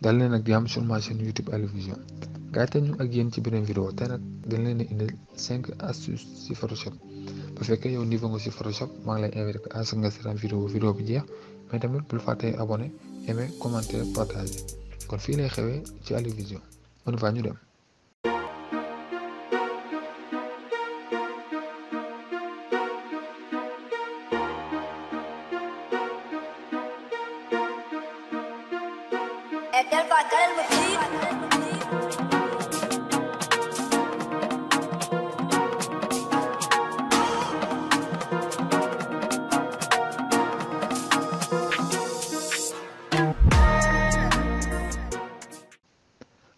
dal leen nag jàmm sur YouTube Aliou Vision yi te ñu ak yéen ci beneen vidéo te nag dañ leen a indil 5 astuces Photoshop bu fekkee yow niveau nga si Photoshop maa ngi lay invité à ce nga seetaan vidéo vidéo bi jeex mais tamit bul fàttee abonné aimé commenter partager kon fii lay xewee ci Aliou Vision on va ñu dem. العقل المفيد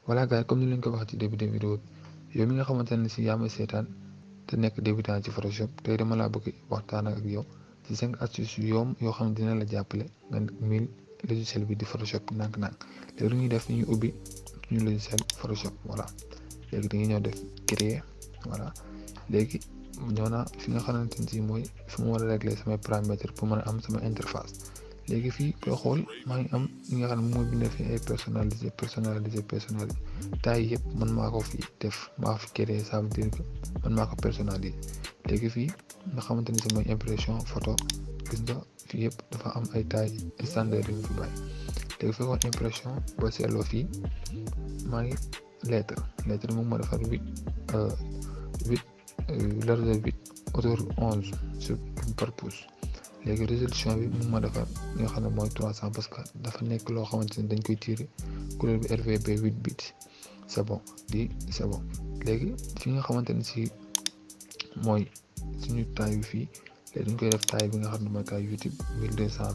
voilà comme ni leen ko wax ci début de vidéo bi yow mi nga xamante ne si yaa seetaan te nekk débutant ci photoshop tey dama laa bëgg waxtaan ak yow ci cinq astuces yu yoo xam ne dina la jàppale nga mil logiciel bi di Photoshop ndànk ndànk léegi lu ñuy def ñu ubbi suñu logiciel Photoshop voilà léegi dañuy ñëw def créer voilà léegi ñëw naa fi nga xamante ni si mooy fi mu war a régler samay paramètres pour mën am sama interface léegi fii koy xool maa ngi am li nga xam ne mooy bind fi ay personnalisé personnalisé personnalisé taay yëpp man maa ko fi def maa fi créer ça man maa ko personnalisé léegi fii nga xamante ni si mooy impression photo gis yëpp dafa am ay taille standard yu ñu fi bàyyi léegi fii maa ngi lettre lettre moom moo defar huit euh, huit euh, largeur huit hauteur onze sur par moo defar xam ne mooy cent parce que dafa nekk loo xamante ne dañ koy tirer couleur bi bit c'est di c'est léegi fi nga xamante ne si mooy suñu taille bi fii. te dañ koy YouTube mille deux yor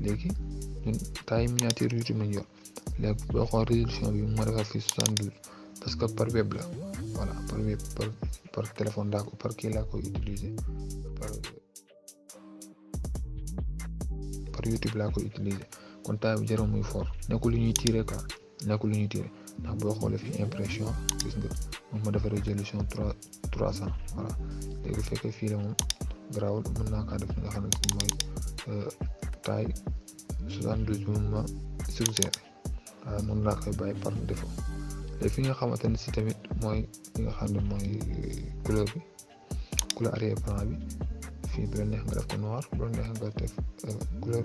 léegi boo xool résolution bi moo defar fii soixante parce que par web la voilà par web par téléphone daa ko par kii laa koy utiliser par YouTube laa koy utiliser kon taille bi jarul muy fort nekkul lu ñuy tirer quoi nekkul lu ñuy tirer. ndax boo xoolee fi impression gis nga moom ma dafa résolution trois trois cent léegi bu fii la moom garaawul mën naa kaa def nga xam ne mooy euh, taille soixante douze bi ma laa koy bàyyi par défaut léegi fi nga xamante ne si tamit mooy li nga xam ne mooy euh, couleur bi couleur arrière plan bi fii bu neex nga def ko noir bu neex nga def euh, couleur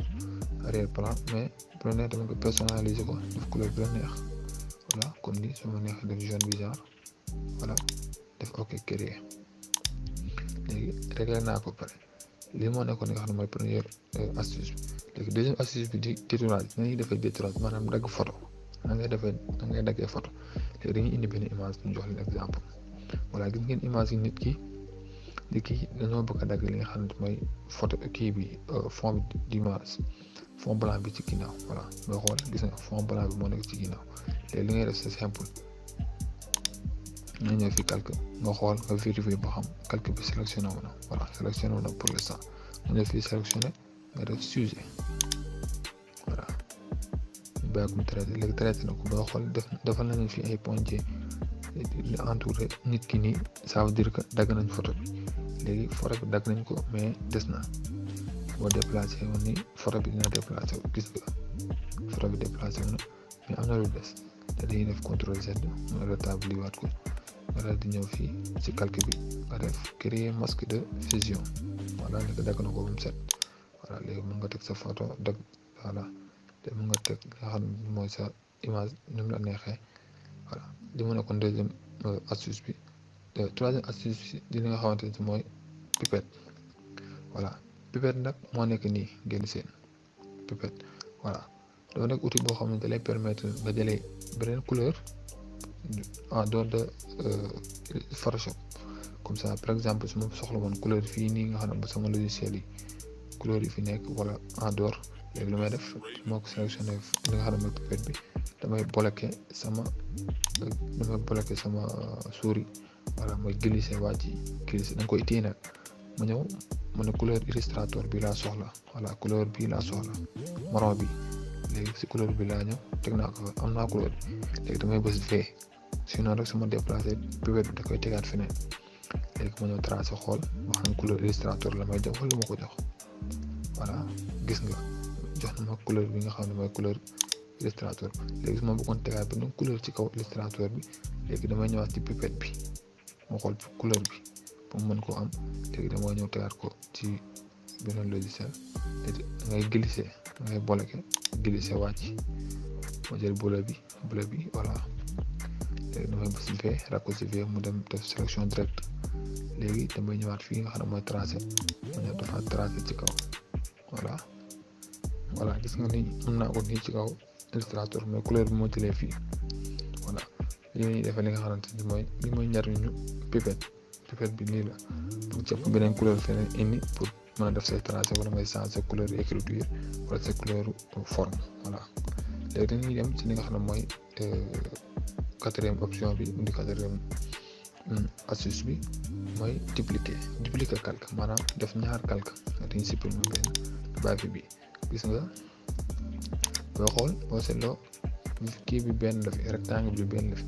arrière plan mais bu neex tamit nga personnaliser ko def couleur bu neex. voilà kon ni su ma neexee def jaune bizarre voilà def ok créer léegi réglé naa ko pare lii moo nekkoon li nga xam ne mooy première euh, astuce bi léegi deuxième astuce bi di détourage na ñuy defee détourage maanaam dagg photo na ngay defee na ngay daggee photo léegi dañuy indi benn image ñu jox leen exemple voilà ngeen image nit ki nit ki dañoo bëgg a dagg li nga xam ne mooy photo kii bi euh, fond bi d'image fond blanc bi ci ginnaaw voilà booy xool gis nga fond bi moo nekk ci ginnaaw léegi li ngay def c'est simple nga ñëw fi calque nga xool nga vérifier ba xam calque bi sélectionné wu na voilà sélectionné wu na pour l'instant nga ñëw fi sélectionné nga def sujet voilà bàyyi ko traité léegi traité na ko booy xool def defal nañu fi ay pointier li nit ki ni ça veut dire que dagg nañ photo bi léegi photo bi dagg nañ ko mais des na boo déplacé wu ni photo bi dina déplacé wu gis am na lu des te dañuy def contrôle Z mooy rétabliwaat ko wala di ñëw fii ci calque bi nga def créer masque de fusion voilà léegi dagg na ko set nga teg sa te mooy sa image nu mu la neexee voilà li mu nekkoon deuxième euh, astuce bi troisième astuce bi li nga xamante mooy pipette voilà. pipette nag moo nekk nii ngeen seen pipette voilà doo nekk outil boo xam ne permettre nga jëlee beneen couleur en dehors de euh, comme ça par exemple suma soxla woon couleur fii nii nga xam ne bu sama logiciel yi couleur yi fi nekk wala en dehors léegi lu may def moo ko sélectionné li nga xam ne bi damay bloqué sama damay bloqué sama euh, souris voilà mooy glissé waa ji glissé da koy téye nag ma ñëw. mu ne couleur illustrator bi laa soxla voilà couleur bi laa soxla marron bi léegi si couleur bi laa ñëw teg naa ko am naa couleur léegi damay bës V sinon rek su ma déplacé pivot bi da koy tegaat feneen léegi ma ñëw xool wax xam couleur la may jox wala ko jox voilà gis nga jox na ma bi nga xam ne mooy couleur illustrator léegi su ma bëggoon tegaat beneen couleur ci kaw illustrator bi léegi damay ñëwaat ci pipette bi ma xool couleur bi. pour man koo am léegi dama ñëw tegaat ko ci beneen logiciel te ngay glisser ngay bloqué glisser wàcc ma jël boulet bi boulet bi voilà léegi damay bës V raccourci V mu dem def sélection directe léegi damay ñëwaat fii nga xam ne mooy tracé ma ñëw dafa tracé ci kaw voilà voilà gis nga ni am naa ko nii ci kaw illustrator mais couleur bi moo jëlee fii voilà li ñuy defee li nga xamante ni mooy li mooy njariñu pipette defet bi nii la pour jàpp beneen couleur feneen indi pour mën a def say tracé wala ngay changer couleur écriture wala sa couleur forme voilà léegi dañuy dem ci li nga xam ne mooy euh, quatrième option bi indi quatrième hmm, astuce bi mooy dupliquer dupliquer calque maanaam def ñaar calque dañuy supprimer benn bàyyi fi bi gis nga boo xool boo seetloo kii bi benn la fi rectangle bi benn la fi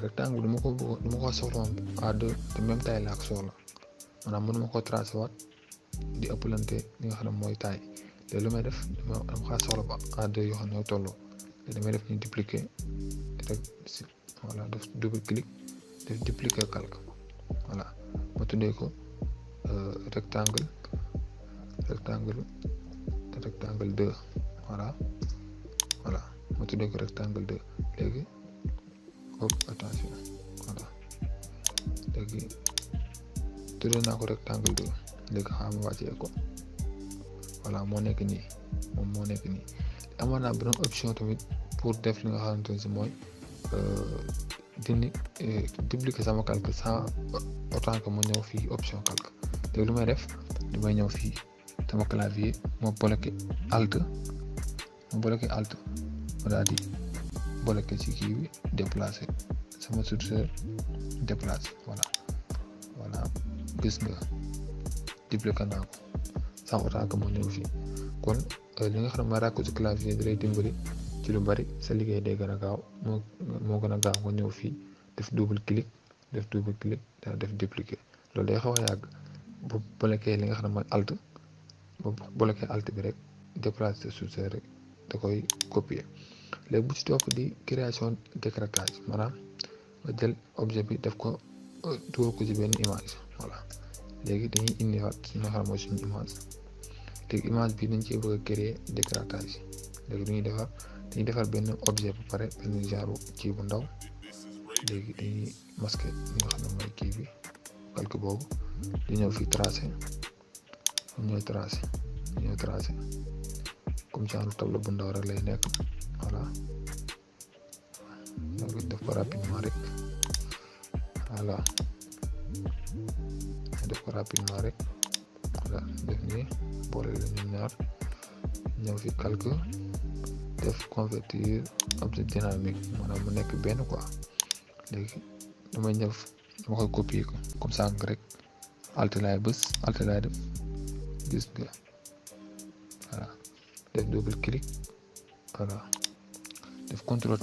fekk tàng ma ko du ma ko soxloon à te même taille laa ko soxla maanaam mënu ma ko tracé waat di ëppalante li nga xam ne mooy taille te lu may def dama dama xaar soxla ba à deux yoo xam ne tolloo te damay def ñu dupliquer rek si voilà def double clic def dupliquer calque tuddee ko euh, rectangle rectangle rectangle 2 voilà moo ma tuddee ko rectangle 2 léegi. bopp attention voilà léegi tuddee naa ko rectangle bi léegi xaaral ko voilà moo nekk nii moom moo nekk nii amoon naa beneen option tamit pour def li nga xamante ne si mooy dindi dupliquer sama calque sans autant que ñëw fii option calque léegi lu may def damay ñëw fii sama clavier ma bloqué alt ma bloqué alt ma daal bloqué ci kii bi déplacé sama curseur déplacé voilà voilà gis nga dupliqué naa ko sama moo ñëw fii kon euh, li nga xam ne ma ràkk ci clavier bi lay ci lu bari sa liggéey day gën a gaaw moo moo gën a gaaw nga ñëw fii def double clic def double clic dana def dupliqué loolu day xaw a yàgg bu bloqué li nga xam ne mooy alt bu bloqué alt bi rek déplacé sa rek da koy copier léegi bu ci topp di création décraquage maanaam nga jël objet bi def ko tuur ci benn image voilà léegi dañuy indiwaat suñu nga xam mooy suñu image léegi image bi dañ cee bëgg a créer décraquage léegi dañuy defar dañuy defar benn objet bu pare benn genre kii bu ndaw léegi dañuy masquer li nga mooy kii bi calque boobu di ñëw fi tracé ñooy tracé ñooy tracé comme genre tableau bu ndaw rek lay nekk. rapidement rek voilà def nii boole ñëw fi calque def convertir objet dynamique maanaam mu nekk benn quoi léegi damay ñëw dama koy copier ko comme rek alte laay bës alte def gis nga def double clic voilà def contrôle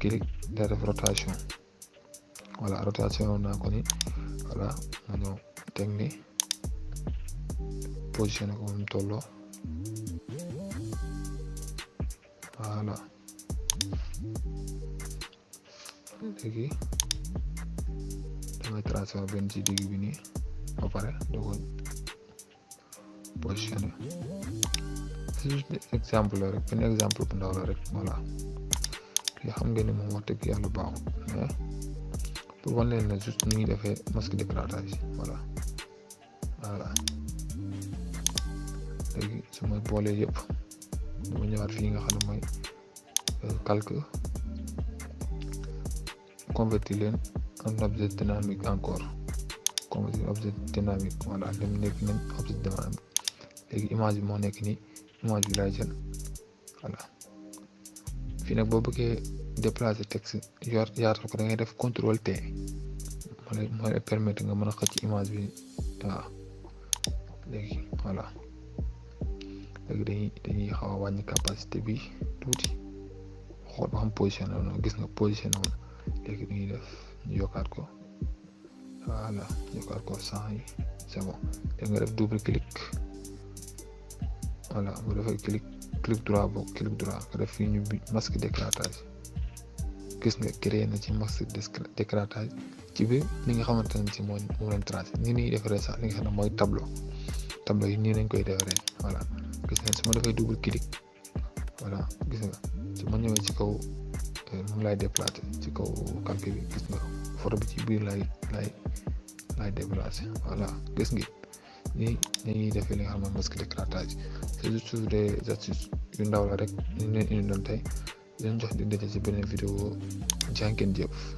clic da def rotation voilà rotation naa ko ni voilà ma ñëw teg ni positionné ko moom tolloo benn ci digg bi pare doo ko juste exemple rek benn exemple bu ndaw rek voilà li xam ngeen ne moom wax dëgg yàlla baaxul mais pour wan leen ne juste nu ñuy defee masque a piratage voilà voilà léegi su ma boolee yëpp dama ñëwaat fii nga xam ne mooy euh, calque convertir leen en objet dynamique encore convertir objet dynamique voilà dem nekk nañ objet dynamique léegi image bi moo nekk nii image bi jël voilà fii nag boo bëggee déplacer texte yor yaatal ko dangay def contrôle T lay permettre nga mën a xëcc image bi waaw léegi voilà léegi dañuy dañuy wàññi capacité bi tuuti xool ba xam position na gis nga position na léegi dañuy def ñu yokkaat ko voilà yokkaat ko cent yi c'est bon léegi nga def double clic voilà bu defee clic clic droit boo clic droit nga def fii ñu masque d'éclairage gis nga créé na ci max d'éclairage ci biir li nga xamante ne ci moo moo leen tracé nii la defaree sax li nga xam ne mooy tableau tableau yi nii lañ koy defaree voilà gis nga su ma defee double clic voilà gis ma ñëwee ci kaw euh, moom laay déplacé ci kaw calcul bi bi ci biir laay laay laay déplacé voilà gis nga nii dañuy defee li nga xam ne masque d'éclairage c'est juste des astuces yu ndaw la rek ñu leen indi tey leen jox di daje ci beneen vidéo jàngeen jëf